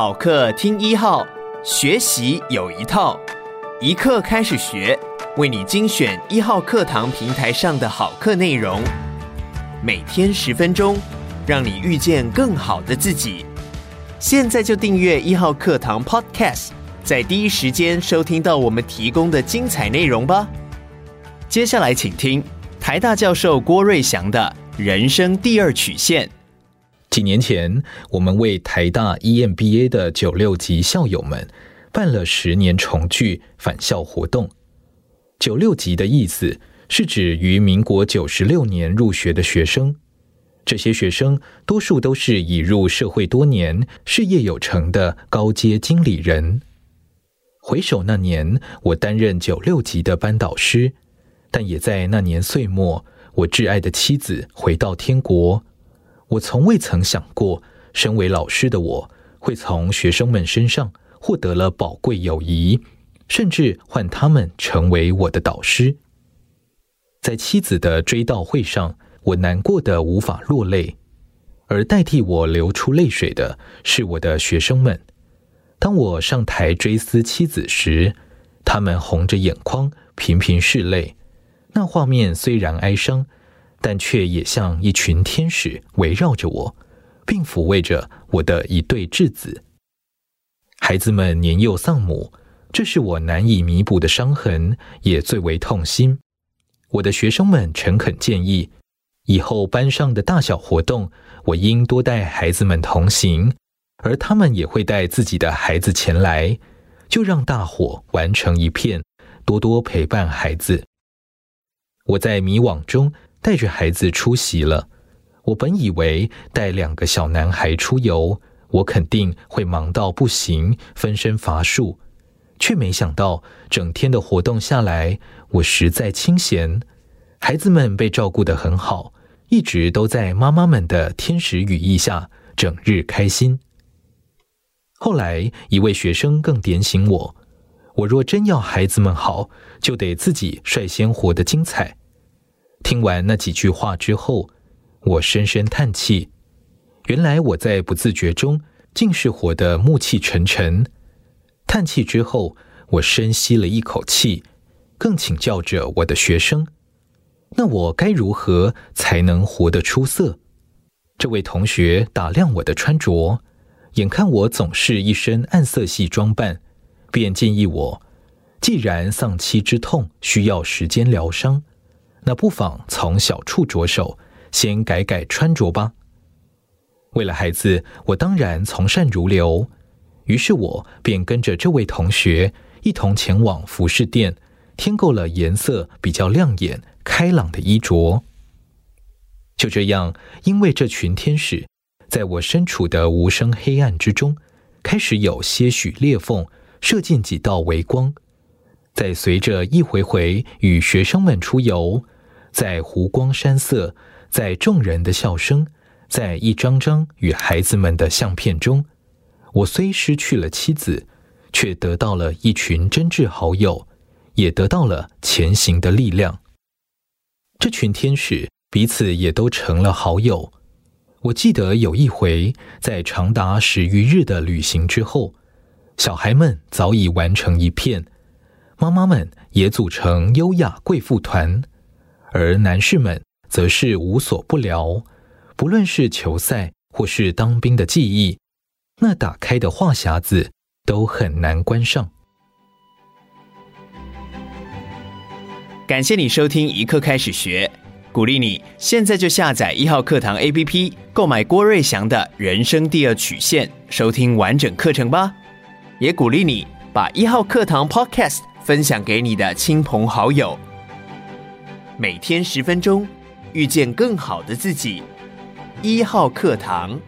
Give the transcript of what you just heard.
好課聽一號，學習有一套，一課開始學，為你精選一號課堂平台上的好課內容，每天十分鐘，讓你遇見更好的自己。現在就訂閱一號課堂 Podcast，在第一時間收聽到我們提供的精彩內容吧。接下來請聽台大教授郭瑞祥的人生第二曲線。幾年前，我們為台大 EMBA 的九六級校友們辦了十年重聚返校活動。九六級的意思是指於民國九十六年入學的學生。這些學生多數都是已入社會多年、事業有成的高階經理人。回首那年，我擔任九六級的班導師，但也在那年歲末，我摯愛的妻子回到天國。我從未曾想過，身為老師的我，會從學生們身上獲得了寶貴友誼，甚至換他們成為我的導師。在妻子的追悼會上，我難過得無法落淚，而代替我流出淚水的是我的學生們。當我上台追思妻子時，他們紅着眼眶，頻頻拭淚。那畫面雖然哀傷，但卻也像一群天使圍繞着我，並撫慰着我的一對稚子。孩子們年幼喪母，這是我難以彌補的傷痕，也最為痛心。我的學生們誠懇建議，以後班上的大小活動，我應多帶孩子們同行，而他們也會帶自己的孩子前來，就讓大夥完成一片，多多陪伴孩子。我在迷惘中。帶着孩子出席了，我本以為帶兩個小男孩出遊，我肯定會忙到不行，分身乏術，卻沒想到整天的活動下來，我實在清閒。孩子們被照顧得很好，一直都在媽媽們的天使羽翼下，整日開心。後來一位學生更點醒我，我若真要孩子們好，就得自己率先活得精彩。聽完那幾句話之後，我深深嘆氣。原來我在不自覺中，竟是活得暮氣沉沉。嘆氣之後，我深吸了一口氣，更請教着我的學生：“那我該如何才能活得出色？”這位同學打量我的穿着，眼看我總是一身暗色系裝扮，便建議我：“既然喪妻之痛需要時間療傷。”那不妨從小處着手，先改改穿着吧。為了孩子，我當然從善如流。於是我便跟着這位同學一同前往服飾店，添購了顏色比較亮眼、開朗的衣着。就這樣，因為這群天使，在我身處的無聲黑暗之中，開始有些許裂縫，射進幾道微光。在隨着一回回與學生們出遊，在湖光山色，在眾人的笑聲，在一張張與孩子們的相片中，我雖失去了妻子，卻得到了一群真摯好友，也得到了前行的力量。這群天使彼此也都成了好友。我記得有一回，在長達十餘日的旅行之後，小孩們早已玩成一片。媽媽們也組成優雅貴婦團，而男士們則是無所不聊，不論是球賽或是當兵的記憶，那打開的話匣子都很難關上。感謝你收聽一課開始學，鼓勵你現在就下載一號課堂 APP 購買郭瑞祥的人生第二曲線，收聽完整課程吧。也鼓勵你把一號課堂 Podcast 分享給你的親朋好友，每天十分鐘，遇見更好的自己。一號課堂。